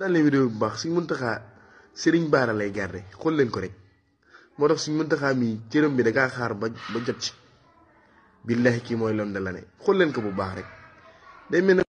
daal leen vidéo bu baax suñ muntaxaa sëriñ baara lay garde xool leen ko rek moo tax suñ muntaxaa mi cëram bi da xaar ba ba jot ci billahi kii mooy lon da la ne xool leen ko bu baax rek day mel ne